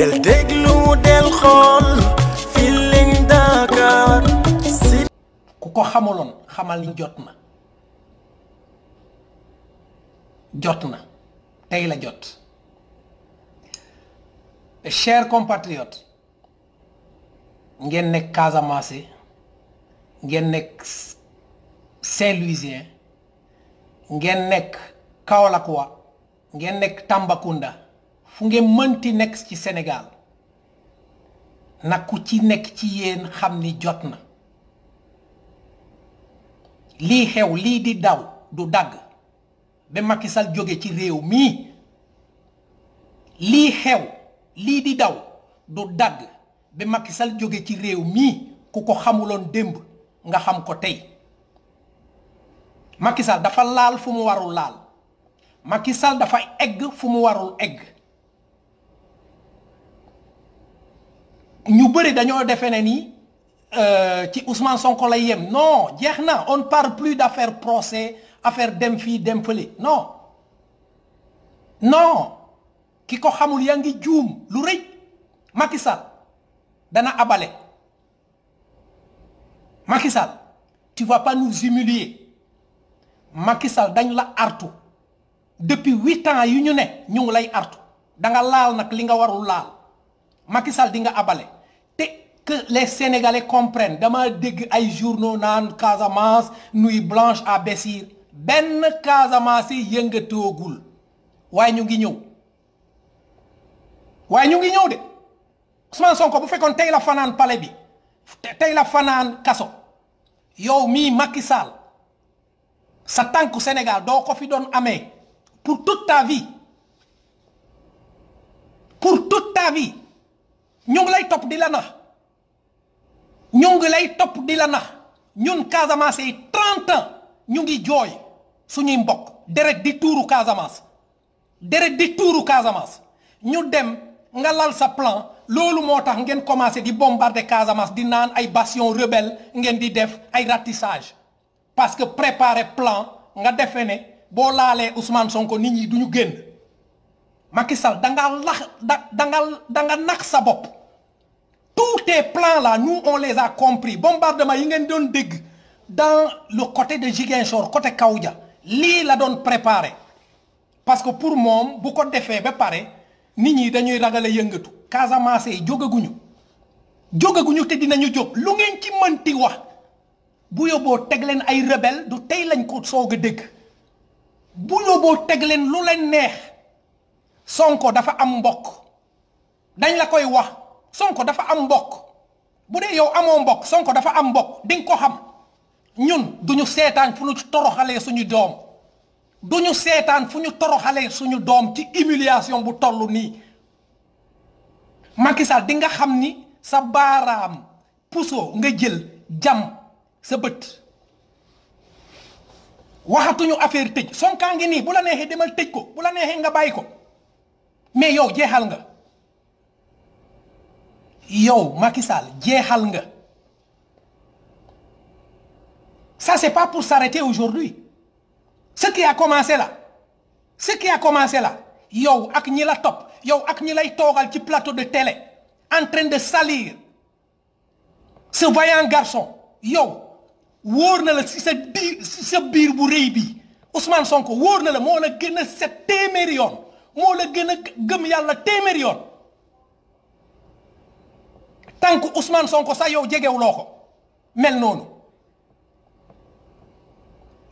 del déglu del xool Feeling Dakar ku ko xamaloon xamal jot na jot na tey la jot chers compatriotes ngeen nekk Casamance ngeen nekk Saint-Louisien ngeen nekk Kaolackois ngeen nekk Tambacounda fu ngeen mënti nekk ci Sénégal na ku ci nekk ci yéen xam ni jot na lii xew lii di daw du dagg ba Macky jóge ci réew mii lii xew lii di daw du dagg ba Macky Sall jóge ci réew mii ku ko xamuloon démb nga xam ko tey Macky dafa laal fu mu warul laal Macky Sall dafa egg fu mu warul egg ñu bëri dañoo defe ne ni euh, ci Ousmane Sonko lay yem non jeex na on par plus d' affaire procès affaire dem fii dem fële non non ki ko xamul yaa ngi juum lu rëy Macky dana abale makisal Sall tu vas pas nous humilier Macky Sall dañ la artu depuis huit ans yu ñu ne ñu ngi lay artu da nga laal nag li nga warul laal. Macky Sall di nga abale te que les sénégalais comprennent dama dégg ay journaux naan Casamance nuit blanche à Bessir benn Casamance yi yëngatoogul waaye ñu ngi ñëw waaye ñu ngi ñëw de Ousmane Sonko bu fekkoon tey la fanaan pale bi tey la fanaan kaso yow mii Macky Sall sa tànku Sénégal doo ko fi doon amee pour toute ta vie pour toute ta ñu ngi lay topp di la nax ñu topp di la nax ñun Casamance yi 30 ñu ngi jooy suñuy mbokk deret di tuuru Casamance deret di tuuru Casamance ñu dem nga lal sa plan loolu moo tax ngeen commencé di bombarder Casamance di naan ay bastion rebelle ngeen di def ay ratissage parce que préparer plan nga defee ne boo laalee Ousmane Sonko nit ñi du ñu génn Macky Sall da nga lax da da da nga nax sa bopp tous tes plans là nous on les a compris bombardement yi ngeen doon dégg dans lu côté de Ziguinchor côté ja lii la doon préparé parce que pour moom bu ko defee ba pare nit ñi dañuy ragale yëngatu Casamance yi jógaguñu jógaguñu te dinañu jóg lu ngeen ci mënti wax bu yóbboo teg leen ay rebelle du tey lañ ko soog a dégg bu yóbboo teg leen lu leen neex Sonko dafa am mbokk dañ la koy wax ko dafa am mbokk bu dee yow amoo mbokk Sonko dafa am mbokk dinga ko xam ñun du ñu seetaan fu ñu toroxalee suñu doom du ñu seetaan fu ñu toroxalee suñu doom ci humiliation bu toll nii Macky Sall di nga xam ni sa baaraam puso nga jël jàmm sa bët waxatuñu affaire tëj Sonkaa ngi nii bu la neexee demal tëj ko bu la neexee nga bàyyi ko mais yow jeexal nga. yow Macky jeexal nga ça c'est pas pour s'arrêter aujourd'hui ce qui a commencé la ce qui a commencé la yow ak ñi la topp yow ak ñi lay toogal ci plateau de télé en de salir ce vaillant garçon yow wóor na la si sa biir si sa biir bu rëy bi Ousmane Sonko wóor na la moo la gën a set téeméeri yoon moo la gën a gëm yàlla téeméeri yoon tànk Ousmane Sonko sax yow jegewuloo ko mel noonu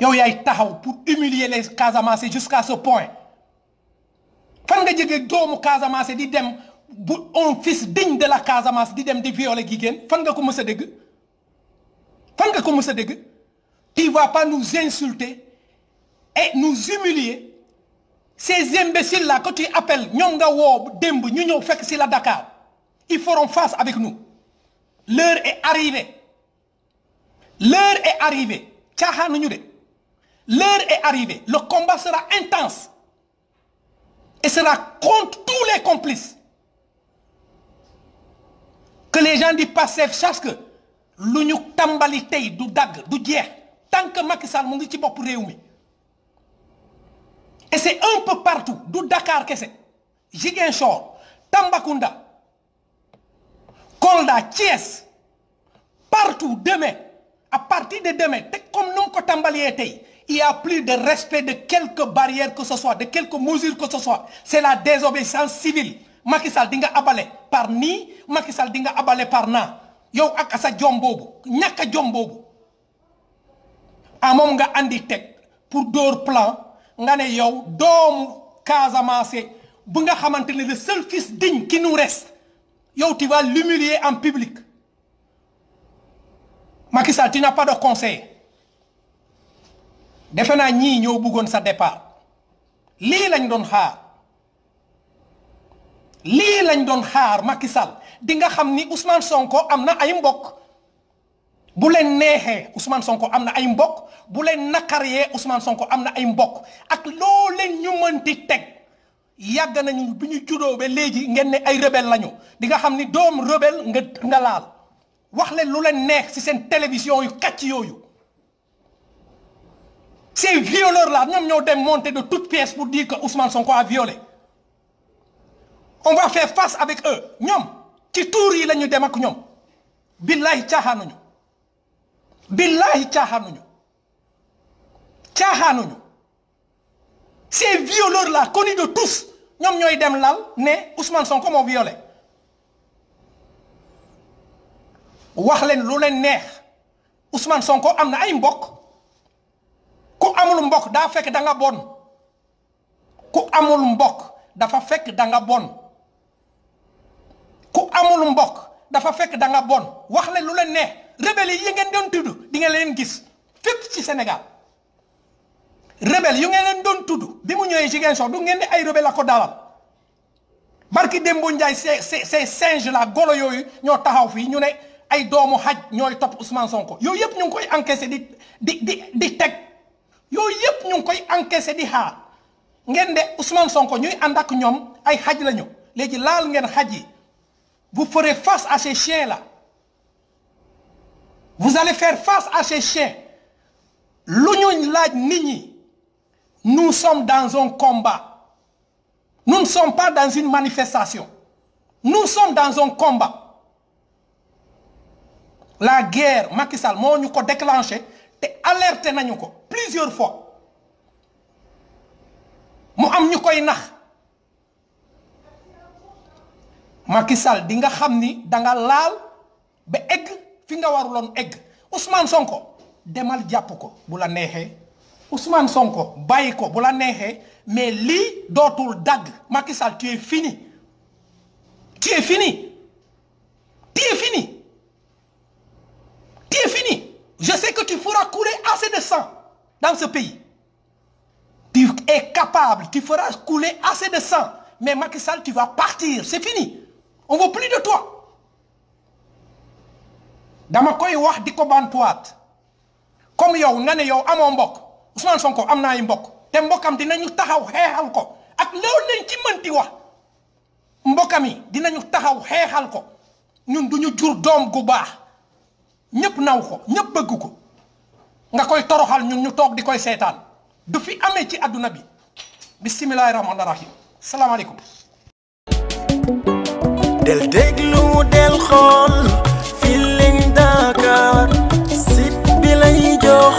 yow yaay taxaw pour humilier les Casamance jusqu'à ce point fan nga jege doomu Casamance di dem bu un fils digne de la Casamance di dem di violer jigéen fan nga ko mës a dégg fan nga ko mës a dégg tu vas pas nous insulter et nous humilier ces imbéciles là que tu appelles ñoom nga woo démb ñu ñëw fekk si la Dakar ils feront face avec nous l'heure est arrivée l'heure est arrivée caaxaanuñu de l'heure est arrivée le combat sera intense et sera contre tous les complices que les gens du Pastef sachent que lu ñu tàmbali tey du dagg du jeex tant que Macky Sall mu ngi ci bopp réew et c'est un peu partout du Dakar kese Ziguinchor Tambacounda colda Thiès partout demain à partir de demain te comme nu ko tàmbalee tey il a plus de respect de quelque barrière que ce soit de quelque mesure que ce soit c'est la désobéissance civile Macky Sall di nga abale par nii Macky Sall di nga abale par naa yow ak sa jom boobu ñàkk a jom boobu ah moom nga indi teg pour door plan nga ne yow doomu Casamance bu nga xamante ne le seul fils digne qui nous reste yow tu vas l'humilier en public Macky Sall tu n'as pas de conseil defe naa ñii ñoo buggoon sa départ lii lañ doon xaar lii lañ doon xaar Macky Sall di nga xam ni Ousmane Sonko am na ay mbokk bu leen neexee Ousmane Sonko am na ay mbokk bu leen naqaree Ousmane Sonko am na ay mbokk ak loo leen ñu mënti teg. yàgg nañu bi ñu juddoo ba léegi ngeen ne ay rebelle lañu di nga xam ni doom rebelle nga nga laal wax leen lu leen neex ci seen télévision yu kàcc yooyu ces violeurs là ñoom ñoo dem monter de toutes bu pour dire que Ousmane Sonko a violé on va faire face avec eux ñoom ci tuur yi la ñu dem ak ñoom billaahi caaxaanuñu billaahi caaxaanuñu caaxaanuñu ces violeurs là connus de tous ñoom ñooy dem lal ne Ousmane Sonko moo violé wax leen lu leen neex Ousmane Sonko am na ay mbokk ku amul mbokk daa fekk da bon ku amul mbokk dafa fekk da bon ku amul mbokk dafa fekk da nga bon wax leen lu leen neex rebelles yi ngeen doon tudd di nga leen gis fépp ci senegal rebelles yu ngeen leen doon tudd bi mu ñëwee soo du ngeen ne ay rebelle la ko daalal barki Dembo Ndiaye ces ces ces singe la golo yooyu ñoo taxaw fii ñu ne ay doomu xaj ñooy topp Ousmane Sonko yooyu yëpp ñu ngi koy encaissé di di di teg yooyu yëpp ñu ngi koy encaissé di xaar ngeen de Ousmane Sonko ñuy ànd ak ñoom ay xaj lañu léegi laal ngeen xaji yi vous ferez face à ces chiens là vous allez faire face à ces chiens lu ñu laaj nit ñi. nous sommes dans un combat. Nous ne pas dans une manifestation. Nous sommes dans un combat. La guerre, makisal Sall moo ñu ko déclenché te alerté nañu ko plusieurs fois mu am ñu koy nax makisal Sall nga xam ni danga laal ba egg fi nga waruloon egg son ko demal jàpp ko bu la neexee. Ousmane Sonko bàyyi ko bu la neexee mais li dootul dagg Macky Sall tu es fini tu es fini tu es fini es je sais que tu feras couler assez de sang dans ce pays tu es capable tu feras couler assez de sang mais Macky Sall tu vas partir c'est fini on veut plus de toi dama koy wax di ko bantuwaat comme yow nga ne yow amoo mbokk Ousmane Sonko am naa ay mbokk te mbokkam dinañu taxaw xeexal ko ak loolu lañ ci mënti wax mbokkam yi dinañu taxaw xeexal ko ñun duñu jur doom gu baax ñëpp naw ko ñëpp bëgg ko nga koy toroxal ñun ñu toog di koy seetaan du fi amee ci àdduna bi bisimilahi rahmaani rahim salaamaaleykum. del déglu del xool Feeling Dakar site bi lay jox